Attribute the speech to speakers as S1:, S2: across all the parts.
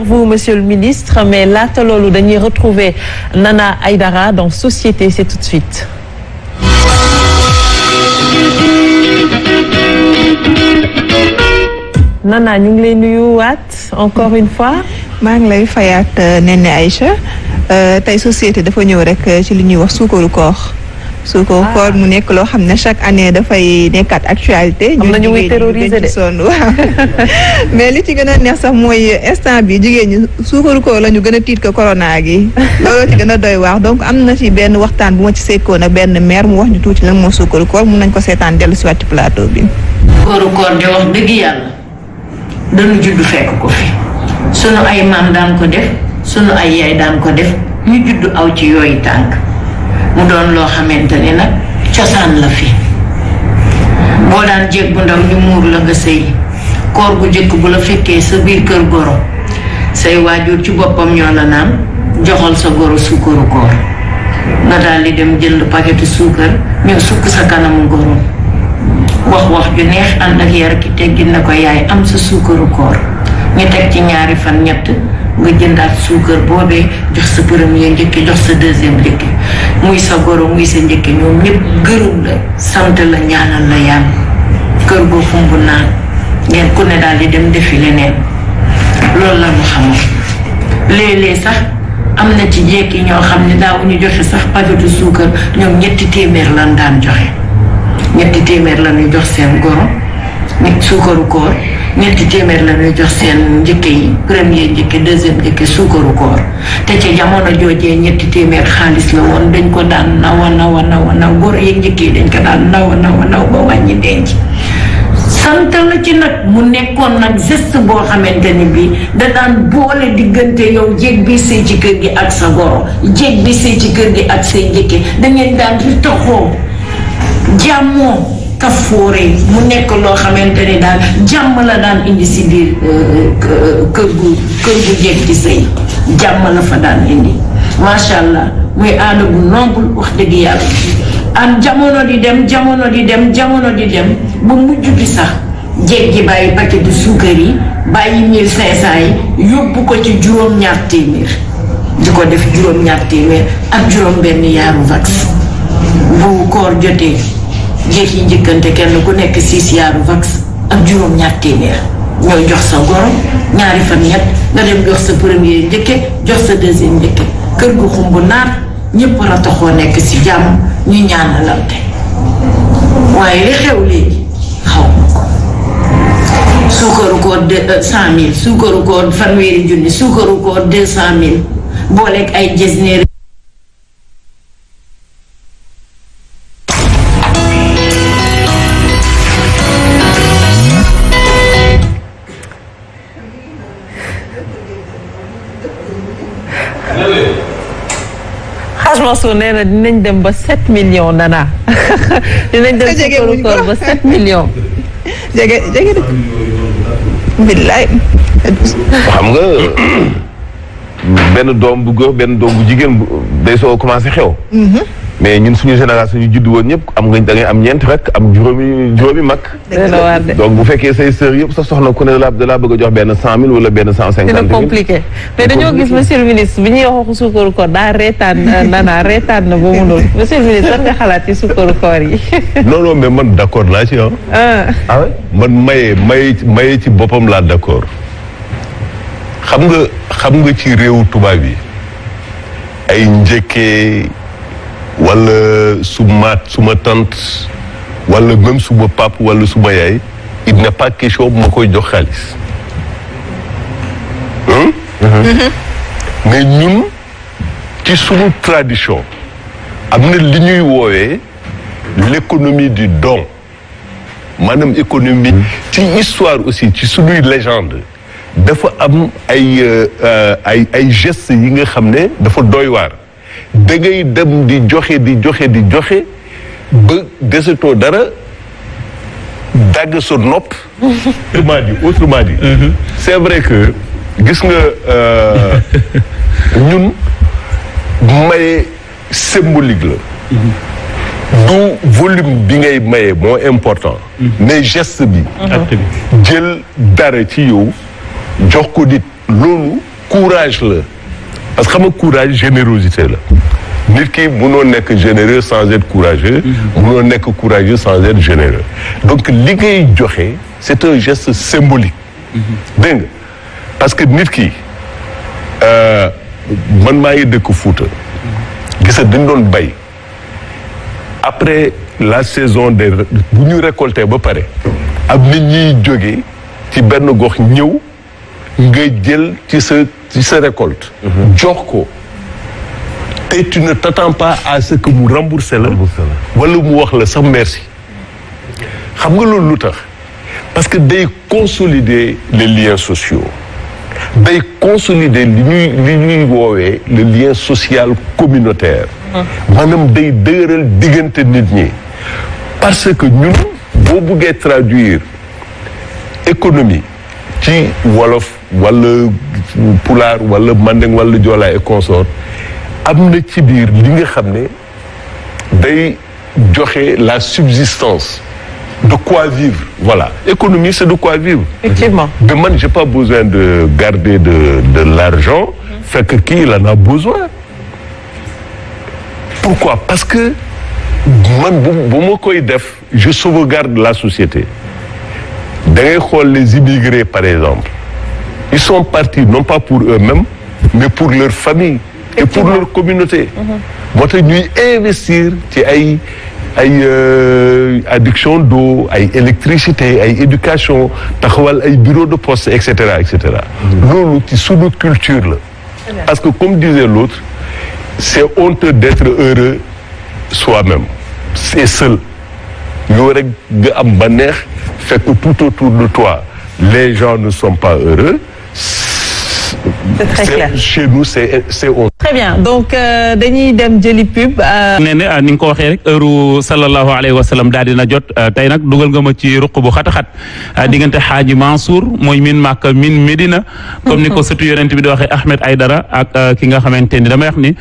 S1: vous monsieur le ministre mais laata loolu dañuy retrouver Nana Aïdara dans Société c'est tout de suite Nana ñu ngi lay nuyuwaat encore une fois maa ngi lay fayaat euh, Néné Aïcha euh, tey société dafa ñëw rek euh, ci li ñuy wax suukaru koor su ko ah. mu nekk loo xam ne chaque année dafay nekkaat actualité. am na ñu muy terrorisé de sonn waaw mais li ci gën a neex sax mooy instant bi jigéen ñi suukaru koor la ñu gën a tiit ko corona gi. looloo ci gën a doy wax donc am na ci benn waxtaan bu ma ci seetkoon ak benn maire mu wax ñu tuuti lan moo suukaru koor mun nañ ko seetaan dellu si waat ci plateau bi. suukaru koor de wax dëgg yàlla dañu judd fekk ko fi sunu ay maam daan ko def sunu ay yaay daan ko ci yooyu mu doon loo xamante ni nag cosaan la fi boo daan jéeg bu ndaw ñu muur la nga sëy koor gu jëkk bu la fekkee sa biir kër goro say waajur ci boppam ñoo la naan joxal sa goro suukaru koor nga daal di dem jënd paquetu suukar ñëw sukk sa kanamu goro wax wax ju neex ànd ak yar ki teggin na ko yaay am sa suukaru koor ñu teg ci ñaari fan ñett nga jëndaat suukar boobee jox sa premier njëkki jox sa deuxième njëkki muy sa goro muy sa njëkk ñoom ñëpp gërëm la sant la ñaanal la yàlla kër goo fumb naan ngeen ku ne daal di dem defi leneen loolu la ñu xamoon léeg-léeg sax am na ci jekk ñoo xam ne ñu joxe sax paquetu suukar ñoom ñetti téeméer lan daan joxe ñetti téeméer la ñu jox seen goro nit suukaru koor ñetti téeméer la jox seen njëkk yi premier njëkk deuxième njëkk suukaru koor te ca jamono joojee ñetti téeméer xaalis la woon dañ ko daan nawa nawa nawa naw góor yeeg njëkk dañ ko daan nawa nawa naw ba wàññi denc sant la ci nag mu nekkoon nag geste boo xamante ni bi da daan boole diggante yow jéeg bi sëy ci kër gi ak sa goro jéeg bi sëy ci kër gi ak say njëkke da ngeen daan di jàmmoo kafoore mu nekk loo xamante ni daal jàmm la daan indi si biir euh, euh, kër gu kër gu jekk ci sëy jàmm la fa daan indi macha allah muy aada bu noble wax dëgg yàlla am jamono di dem jamono di dem jamono di dem ba mujj bi sax jeeg ji bàyyi paquet du suukar yi bàyyi 1500 yi yóbbu ko ci juróom-ñaar téeméer di ko def juróom-ñaar téeméer ak juróom-benn yaaru vax bu koor jotee. yéeg yi njëkkante kenn ku nekk six yaaru vax ak juróom ñaar téeméer ñooy jox sa goro ñaari fan ñett nga dem jox sa premier njëkke jox sa deuxième njëkke kër gu xumb naat ñëpp war nekk si jàmm ñu ñaanalante waaye li xew léegi xaw ma ko suukaru koor euh, cent mille suukaru koor fanweeri junni suukaru koor deux cent mille booleeg ay jesneer Mansour nee na dinañ dem ba 7 millions nana dinañ dem ci kóoru koor ba 7 millions. jege jege de. billaay. xam nga
S2: benn doom bu góor benn doom bu jigéen day soo commencé xew. Mm-hmm. mais ñun suñu génération suñu juddu woon ñëpp am nga da am ñeent rek am juróomi juróomi mag. donc bu fekkee say sœur yëpp sa soxna ku ne la da laa bëgg a jox benn cent mille wala benn cent cinquante mille. compliqué
S1: mais dañoo gis monsieur le ministre bi ñu wax waxu sukkaru koor daa reetaan euh, nana reetaan na ba munul xalaat ci sukkaru
S2: mais man d' accord laa ci ah. ah man maye maye ci boppam laa d' xam nga xam nga ci réew tubaab yi ay njëkkee. wala su maat suma ma tante wala même pap wala su ma yaay il n'est pas question bu ma koy jox xaalis mm-hmm. mais ñun ci suñu tradition am na li ñuy woowee l'économie du don maanaam économie mm-hmm. ci histoire aussi ci suñuy légende dafa am ay euh, euh, ay ay gestes yi nga xam ne dafa doy waar da ngay dem di joxe di joxe di joxe ba desetoo dara dagg sa nopp. autrement dit autrement dit. Mhm. que gis nga euh, ñun maye symbolique la. Mhm. du volume bi ngay maye moo important. Mhm. mais geste bi. jël dara ci yow jox ko nit loolu courage la. parce que xam nga courage générosité la nit ki mënoo nekk généreux sans être courageux mënoo mhm. nekk courageux sans être généreux donc li ngay joxe c'est un gest symbolique mhm. dégg parce que nit ki euh, man maa ngi dëkk Fuuta mhm. gisa dañ doon bay après la saison des bu ñu récolté ba pare am nit ñiy jógee ci benn gox ñëw nga jël ci sa ci sa récolte. Mhm. jox ko te tu ne t'attends pas à ce que mu remboursé la. wala mu wax la sax merci. xam nga loolu lu tax parce que day consolider les liens sociaux day consolider li ñuy li ñuy woowee le lien social communautaire. Mhm. maanaam day dëgëral diggante nit ñi. parce que ñun boo buggee traduire économie ci wolof. wala pulaar wala mandeng wala joolaa et consort am na ci biir li nga xam ne day joxe la subsistance de quoi vivre voilà économie c'est de quoi vivre effectivement de man j'ai pas besoin de garder de l'argent fekk kii la na a besoin pourquoi parce que man bu ma koy def je sauvegarde la société da ngay xool les immigrés par exemple ils sont partis non pas pour eux-mêmes mais pour leur famille et pour leur communauté mhm. moo tax ñuy investir ci ay ay euh, adduction d'eau ay électricité ay éducation taxawal ay bureau de poste et cetera et cetera mhm. ci sunu culture la parce que comme disait l'autre c'est honteux d'être heureux soi-même c'est seul yow rek nga am ba neex fekk tout autour de toi les gens ne sont pas heureux c'est très clair chez nous c'est
S1: donc euh, dañuy dem jëli pub. Euh,
S3: nee na ni nga ko waxee rek heure sallallahu alayhi wa sallam daal dina jot euh, tey nag dugal nga ma ci ruq bu xat a diggante xaaji Mansour mooy min Màkka min Medina. comme ni ko sëtu yonent bi di waxee Ahmed Aydara ak ki nga xamante ni dama wax ni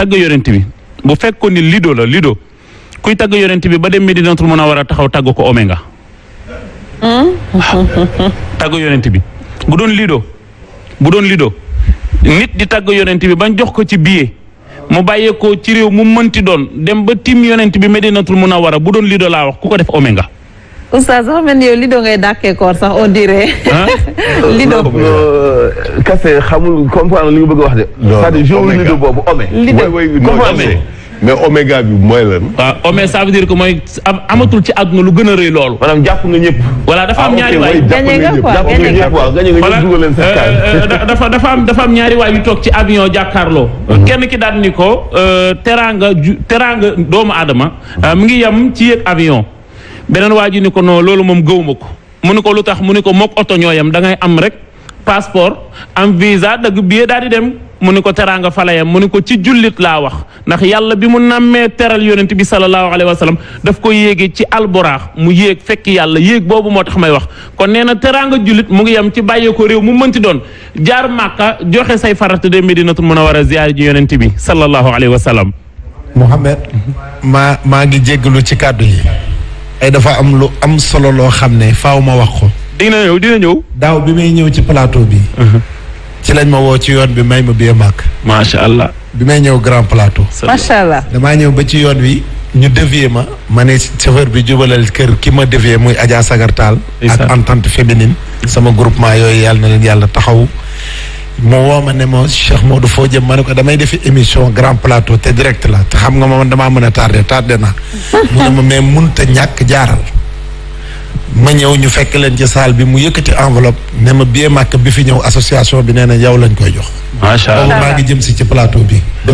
S3: tagg yonent bi bu fekkoon ni lido la lido kuy tagg yonent bi ba dem Medinatul Munawwara taxaw tagg ko Omenga.
S1: Hmm?
S3: tagg yonent bi bu doon lido. bu doon lido nit di tàgg yonent bi bañ jox ko ci billet mu bàyyeekoo ci réew mu mënti doon dem ba tim yonent bi a wara bu doon lido laa wax ku ko def omenga
S1: oustaz sax man yow lido ngay dàkkee koor sax on dirait.
S2: lido euh, kase xamul comprendre li bëgg wax de. c'est-à-dire lido boobu ome. ome mais oméga bi mooy lan. waaw oméga ça veut ko que mooy amatul ci àdduna lu gën a rëy loolu. maanaam jàpp
S3: nga ñëpp. voilà dafa am ah, ñaari waay dafa dafa dafa am ñaari waay yu toog ci avion jàkkaarloo. Mhm. kenn ki daan ni ko euh, teraanga ju doomu aadama euh, mu ngi yem ci yéeg avion beneen waa ji ni ko non loolu moom gëwuma ko mu ni ko lu tax mu ni ko mook oto ñoo yam da ngay am rek passeport am visa dagg billet daal di dem. mu ni ko teraanga falayam mu ni ko ci jullit laa wax ndax yàlla bi mu nammee teral yonent bi sallallahu alayhi wa sallam daf ko yéege ci alburaax mu yéeg fekk yàlla yéeg boobu moo tax may wax kon nee na teraanga jullit mu ngi yem ci bàyyee ko réew mu mënti doon jaar màkka joxe say farata de war munawara ziyaar ji yonent bi sallallahu alayhi wa sallam Mouhamed maa maa ngi jéggalu ci kàddu yi ay dafa am lu am solo loo xam ne faaw ma wax ko dina ñëw dina ñëw ñëw ci plateau bi uh-huh. ci lañ ma woo ci yoon bi may ma bee màkk. macha allah. bi may ñëw grand plateau. macha allah damaa ñëw ba ci yoon wi. ñu dévier ma. ma ne chauffeur bi jubalal kër ki ma dévier muy Adja Sagartaal. ak entente féminine. sama groupement yooyu yàlla na leen yàlla taxaw. mu woo ma ne ma Cheikh Modou foo jëm ma ne ko damay defi émission grand plateau te direct la te xam nga moom damaa mën a tardé tardé naa. mu ne ma mais mënut a ñàkk jaaral. ma ñëw ñu fekk leen ci salle bi mu yëkkati enveloppe ne ma billet màkk bi fi ñëw association bi nee na yow lañ koy jox. macha allah maa ngi jëm si ci plateau bi. Eh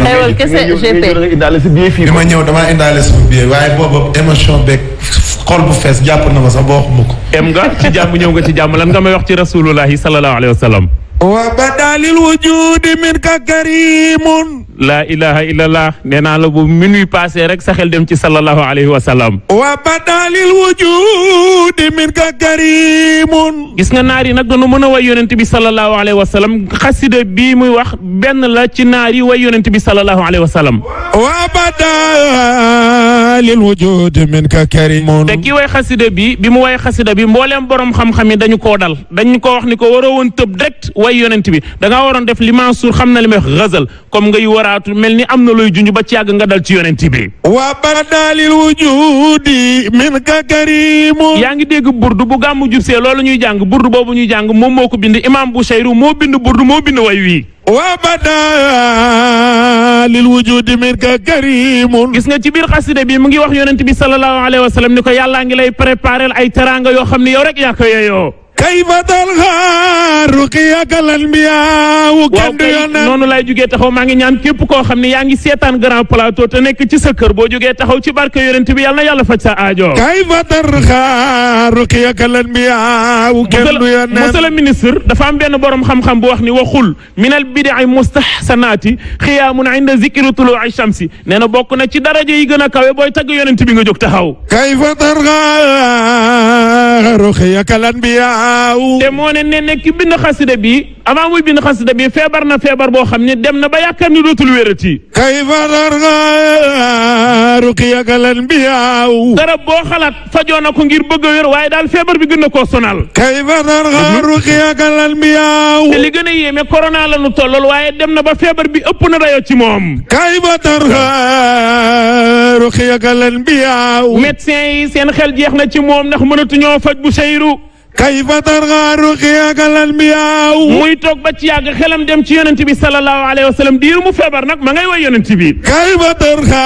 S2: bi ma ñëw damaa indaale sama billet waaye boobu émotion beeg xol bu fees jàpp na ma sax ba waxuma
S3: ko. dem nga ci jàmm ñëw nga ci jàmm lan nga may wax ci rasulullahi sallallahu alayhi wa sallam. wa badalil wujudi min karimun laa ilaha illallah nee naa la bu minuit passé rek sa xel dem ci sallallahu alayhi wa sallam wa badalil wujudi min ka karimun gis nga naar yi nag doonu mën a way yonent bi sallallahu alayhi wa sallam xasida bii muy wax benn la ci naar yi way yonent bi sallallahu alayhi wa sallam wa badalil wujudi min ka karimun te ki way xasida bi bi mu way xasida bi mbooleem borom xam-xam i dañu koo dal dañu ko wax ni ko waroo woon tëb direct way yonent bi da ngaa waroon def li Mansour xam na li may wax gazal comme war baraatu mel ni am na looy junj ba ci yàgg nga dal ci yonent bi waa baradaalil wujudi min ka karimu yaa ngi dégg burdu bu gàmmu jubsee loolu ñuy jàng burdu boobu ñuy jàng moom moo ko bind imaam bu seyru moo bind burdu moo bind way wi waa badaa lil wujudi min ka karimun gis nga ci biir xaside bi mu ngi wax yonent bi sallallahu alayhi wa sallam ni ko yàllaa ngi lay préparel ay teraanga yoo xam ne yow rek yaa ko yeyoo kay ba dal xaaru ki yàggal anbiyaawu kenn du yoon noonu laay jugee taxaw maa ngi ñaan képp koo xam ne yaa ngi seetaan grand plateau te nekk ci sa kër boo jugee taxaw ci barke yonent bi yàlla na yàlla faj sa aajo kay ba dal xaaru ki yàggal anbiyaawu kenn du yoon monsieur le ministre dafa am benn borom xam-xam bu wax ni waxul minal bidaa mustahsanaati xiyaamun inda zikri tuluu'i shamsi nee na bokk na ci daraja yi gën a kawe booy tagg yonent bi nga jóg taxaw kay ba dal xaaru ki yàggal anbiyaawu daaw te moo ne ne ne ki bind xasida bi avant muy bind xasida bi feebar na feebar boo xam ne dem na ba yaakaar ni dootul wérati kayfa darna ruqiyaka lan biyaaw dara boo xalaat fajoon na ko ngir bëgg wér waaye daal feebar bi gën na koo sonal kayfa mhm. te li gën a yéeme corona la nu tollool waaye dem na ba feebar bi ëpp na dayo ci moom kayfa darna ruqiyaka lan biyaaw médecin yi seen xel jeex na ci moom ndax mënatuñoo faj bu seyru kayfa tarqa ruqyaka al-anbiyaa muy toog ba ci yàgg xelam dem ci yonent bi sallallahu alayhi wa sallam diir mu feebar nag ma ngay woy yonent bi. kayfa tarqa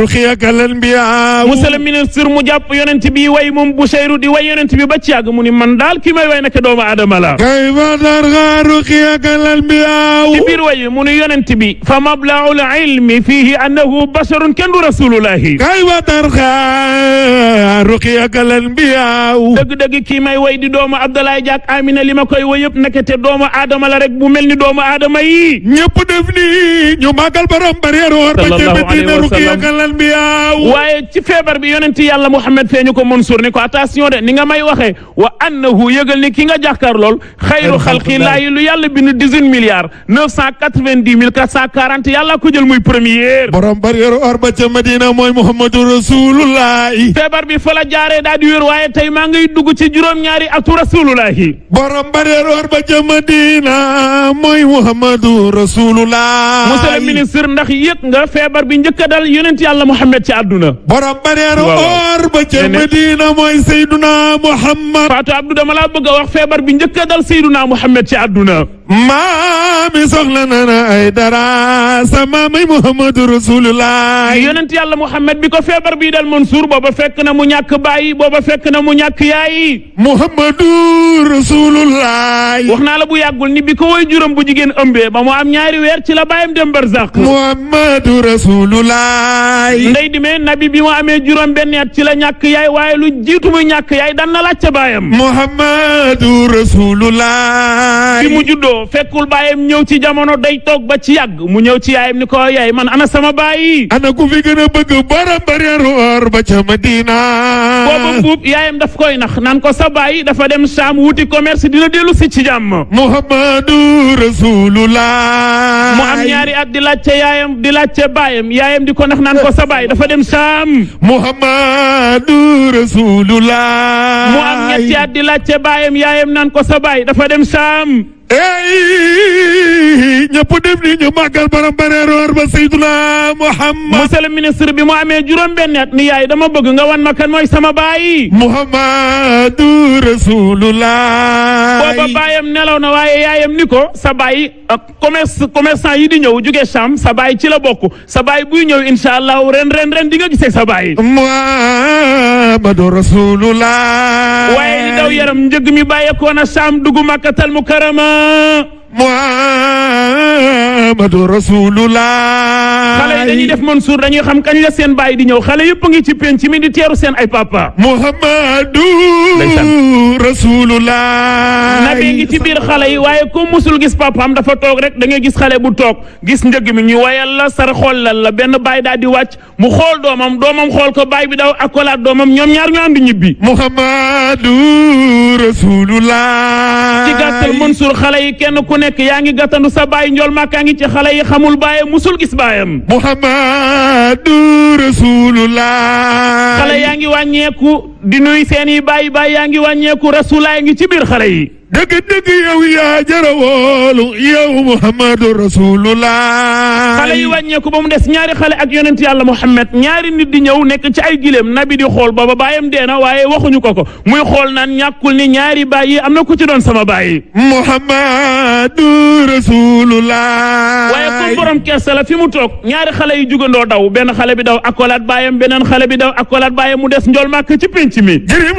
S3: ruqyaka al-anbiyaa. monsieur le ministre mu jàpp yonent bi way moom Bouchayru di way yonent bi ba ci yàgg mu ni man daal ki may way naka doomu aadama la. kayfa tarqa ruqyaka al-anbiyaa. ci biir way mu ni yonent bi. fa mabla'ul ilmi fiihi annahu basharun kenn du rasulullahi. kayfa tarqa ruqyaka al-anbiyaa awliyaaw dëgg-dëgg may way di doomu Abdoulaye Diak Amina ma koy way nekkete doomu aadama rek bu mel ni doomu aadama yi ñëpp def ni ñu màggal borom bareer woor wa annahu yëgal ni ki nga jàkkaar lool Madina mooy Muhammadu Rasulullah feebar bi fa la jaaree daa di waaye tey maa ngay dugg ci juróom-ñaari atu rasulullahi borom bareeroor ba jëmadina mooy muhammadu rasulullah monsieur le ministre ndax yëg nga feebar bi njëkk dal yonent yàlla muhammad ci àdduna borom bareeroor ba jëmadina mooy seyduna muhammad Fatou Abdou dama laa bëgg a wax feebar bi njëkk a dal seyduna muhammad ci àdduna maami soxla na na ay dara sama may Muhammadu Rasulullah. yonent yàlla Muhammad bi ko feebar bii dal Mansour booba fekk na mu ñàkk baay booba fekk na mu ñàkk yaay. Muhammadu Rasulullah. wax naa la bu yàggul ni bi ko woy juróom bu jigéen ëmbee ba mu am ñaari weer ci la bàyyam dem barzak. Muhammadu Rasulullah. ndey di mee nabi bi mu amee juróom benn at ci la ñàkk yaay waaye lu jiitu muy ñàkk yaay dan na baayam. Muhammadu Rasulullah. bi mu juddoo. juddoo fekkul baayam ñëw ci jamono day toog ba ci yàgg mu ñëw ci yaayam ni ko yaay man ana sama baay ana ku fi gën a bëgg borom bareeru or ba ca Madina boobu buub yaayam daf koy nax naan ko sa baay dafa dem saam wuti commerce dina dellu si ci jàmm Muhammadu Rasulullah mu am ñaari at di laajte yaayam di laajte baayam yaayam di ko nax naan sa baay dafa dem saam Muhammadu Rasulullah mu am di laajte naan ko sa baay dafa dem saam ey ñëpp def ni ñu màggal borom bareeroor ba Seydina Muhammad monsieur le ministre bi mu amee juróom-benn at ni yaay dama bëgg nga wan ma kan mooy sama baay Muhammadu Rasulullah booba baayam nelaw na waaye yaayam ni ko sa baay commerce commerçant yi di ñëw jóge Cham sa baay ci la bokk sa baay buy ñëw incha allah ren ren ren di nga gisee sa baay Muhammadu Rasulullah waaye li daw yaram njëg mi bàyyeekoon a saam dugg Makkatal Mukarrama Muhammadu Rasulullah. xale yi dañuy def Mansour dañuy xam kañ la seen baay di ñëw xale yëpp ngi ci ci mi di teeru seen ay papa. Muhammadu Rasulullah. nabi ngi ci biir xale yi waaye ku musul gis papaam dafa toog rek da gis xale bu toog gis njëg mi ñu wayal la sar xool xollal la benn baay daal di wàcc mu xool doomam doomam xool ko baay bi daw akolaat doomam ñoom ñaar ñu ànd ñibbi. Muhammadu Rasulullah. ci gàttal Mansour xale yi nekk yaa ngi gàttandu sa baay njool màkkaa ngi ci xale yi xamul baayam musul gis baayam muhammadu rasulullah xale yaa ngi wàññeeku di nuy seen i baay baay yaa ngi wàññeeku rasulaay ngi ci biir xale yi dëgg-dëgg yow yaa jërë woolu yow Muhammadu rasulullah. xale yi wàññeeku ba mu des ñaari xale ak yonent yàlla Muhammad ñaari nit di ñëw nekk ci ay gileem nabi di xool booba baayam dee na waaye waxuñu ko ko muy xool naan ñàkkul ni ñaari baay yi am na ku ci doon sama baay yi. Muhammadu rasulullah. waaye comme borom kersa la fi mu toog ñaari xale yi jugandoo daw benn xale bi daw akolaat baayam beneen xale bi daw akolaat baayam mu des njool màkk ci penc mi. jërëm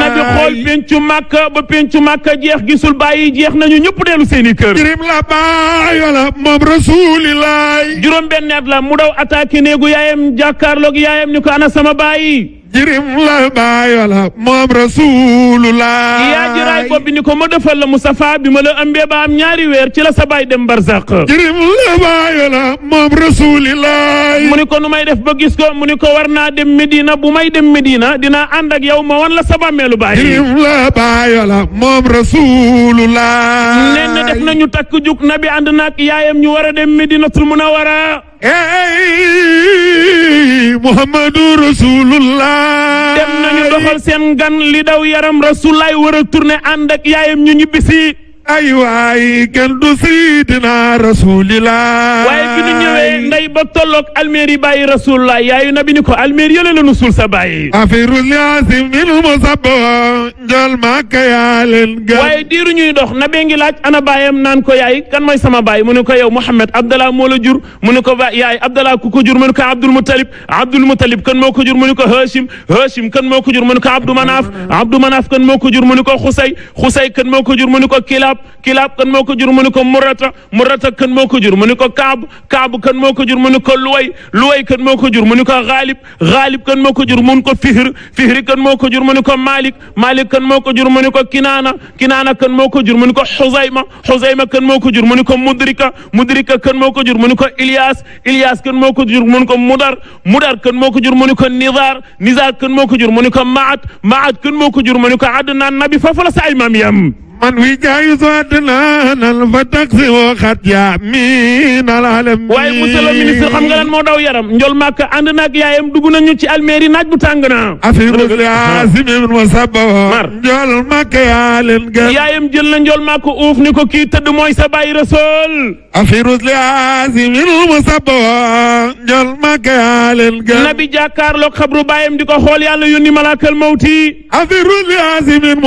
S3: na di xool pencu màkka ba pencu màkka jeex gisul bàyyi jeex nañu ñëpp dellu seeni i kër jirim la baayo la moom rasulilaay juróom benn at la mu daw attaqué néegu yaayam jàkkaarloog yaayam ni ko ana sama bàyyi jirim la baayo la moom rasulullah yaa jiraay bi ni ko ma defal la Mustafa bi ma la ëmbee ba am ñaari weer ci la sa baay dem barzaq jirim la baayo la moom rasulullah mu ni ko nu may def ba gis ko mu ni ko war naa dem Medina bu may dem Medina dinaa ànd ak yow ma wan la sa bàmmeelu baay jirim la baayo la moom rasulullah nee na def nañu takk jug nabi ànd naak yaayam ñu war a dem Medinatul Munawwara ey muhammadu rasulullah dem nañu doxal seen gan li daw yaram rasulaay war a tourné ànd ak yaayam ñu ñibbisi ay waay kenn du sidina rasulillah waaye bi ñu ñëwee nday ba tolloog almeeri bàyyi rasulillah yaayu nabi ni ko almeeri yële la nu suul sa bàyyi afiru liaasi minu mu sabo njol maaka yaa leen gën waaye diiru ñuy dox nabee ngi laaj ana baayam naan ko yaay kan mooy sama baay mu ne ko yow Mouhamed Abdallah moo la jur mu ne ko ba yaay Abdallah ku ko jur mu ne ko Abdul Muttalib Abdul Muttalib kan moo ko jur Hashim Hashim kan moo ko jur mu ko Manaaf Abdou ko jur mu ne ko Xusay Xusay kan moo ko jur mu ne ko Kila kilaab kilaab kan moo ko jur mu ni ko murata murata kan moo ko jur mu ni ko kaab kaab kan moo ko jur mu ni ko luway luway kan moo ko jur mu ni ko xaalib xaalib kan moo ko jur mun ko fihir fihir kan moo ko jur mu ni ko malik malik kan moo ko jur mu ni ko kinaana kinaana kan moo ko jur mu ni ko xuzayma xuzayma kan moo ko jur mu ni ko mudrika mudrika kan moo ko jur mu ni ko ilias ilias kan moo ko jur mu ni ko mudar mudar kan moo ko jur mu ni ko nizar nizar kan moo ko jur mu ni ko maat maat kan moo ko jur mu ni ko adnaan nabi foofu la sa ay maam yam man wi jaayu soit naanal fa taxi woo xat yaa miin waaye monsieur le ministre xam nga moo daw yaram njol màkk ànd naag yaayam dugg nañu ci almeeri naaj bu tàng na afiru siasimim ma saba mar njol màkk yaa leen gën yaayam jël na ko kii tëdd mooy sa bàyyi rasool afirus liasimim ma saba njol màkk yaa di ko xool yàlla yónni malaakal mawti afirus liasimim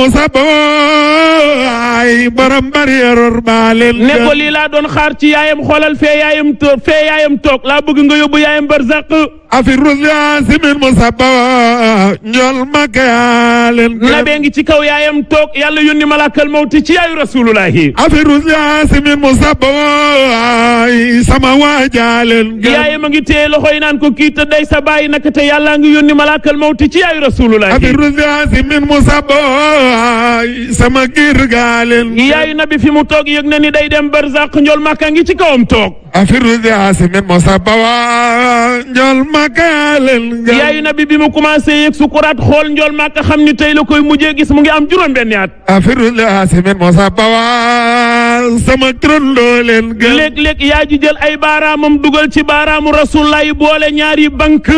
S3: wallaay borom barrière ba lii laa doon xaar ci yaayam xoolal fee yaayam toog fee laa bëgg nga yóbbu yaayam barzaq afi rusia simin musaba ñool màkk ngi ci kaw yaayam toog yàlla yónni malaakal mawti ci yaayu rasulullahi afi rusia simin musaba sama waajaa leen yaayam a ngi téye loxoy naan ko kii te day sa bàyyi naka te yàlla ngi yónni ci yaayu afirgalen yaayu nabi fi mu toog yëg na ni day dem barzak njol makka ngi ci kawam toog afirru di asimin mosabawa njol makka leen yaayu nabi bi mu commencé yëg sukuraat xool njol makka xam ni tey la koy mujjee gis mu ngi am juróom benni at afirru di asimin mosabawa sama trondoo leen léeg-léeg yaa ji jël ay baaraamam dugal ci baaraamu rasulullah boole ñaari bank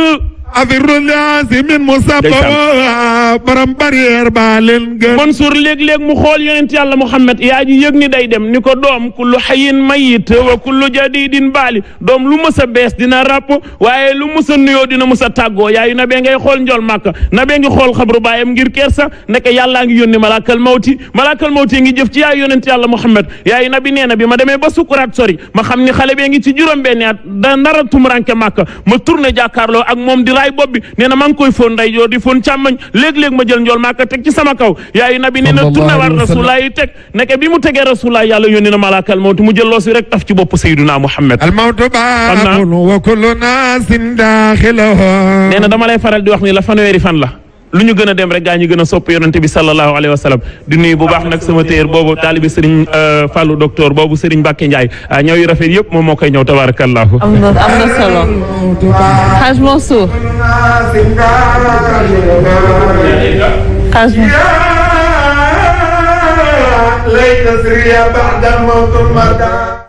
S3: afirul yaasi min musabba borom barrière baa leen gën Mansour léeg-léeg mu xool yonent yàlla Muhammad yaa ji yëg ni day dem ni ko doom kullu xayin mayit wa kullu jadidin baali doom lu mës a bees dina ràpp waaye lu mës a nuyoo dina mës a tàggoo yaayu na bee ngay xool njool màkk na bee ngi xool xabru baayam ngir kersa nekk yàllaa ngi yónni malaakal mawti malaakal mawti ngi jëf ci yaay yonent yàlla Muhammad yaayu na bi nee na bi ma demee ba sukkuraat sori ma xam ni xale bee ngi ci juróom benni at da ndara tumuranke màkk ma tourné jàkkaarloo ak moom jaay bopp bi nee na maa ngi koy fóon nday joor di fóon càmmañ léeg-léeg ma jël njool maa ko teg ci sama kaw yaayu nabi nee na turna war rasulaa yi teg neke bi mu tegee rasulaa yàlla yónni na malaakal mawti mu jël loosi rek taf ci bopp sayyiduna Muhammad almawtu baabun wa kullu naasin daaxiluhu nee na dama lay faral di wax ni la fanweeri fan la lu ñu gën a dem rek gaa ñu gën a sopp yonante bi sallallahu alayhi wa sallam di bu baax nag sama téer boobu taalibi sëriñ euh, Fallou docteur boobu sëriñ Mbacke Ndiaye ah, ñëw yu rafet yëpp moom moo koy ñëw tabarakallahu am na am na solo
S1: xaaj Mansour
S3: xaaj Mansour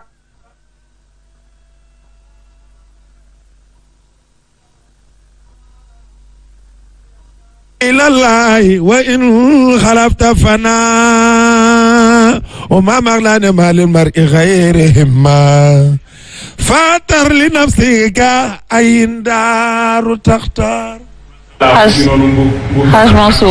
S3: إلى الله وإن خلفت فنا وما مغلان ما للمرء غير همة فاتر لنفسك أين دار تختار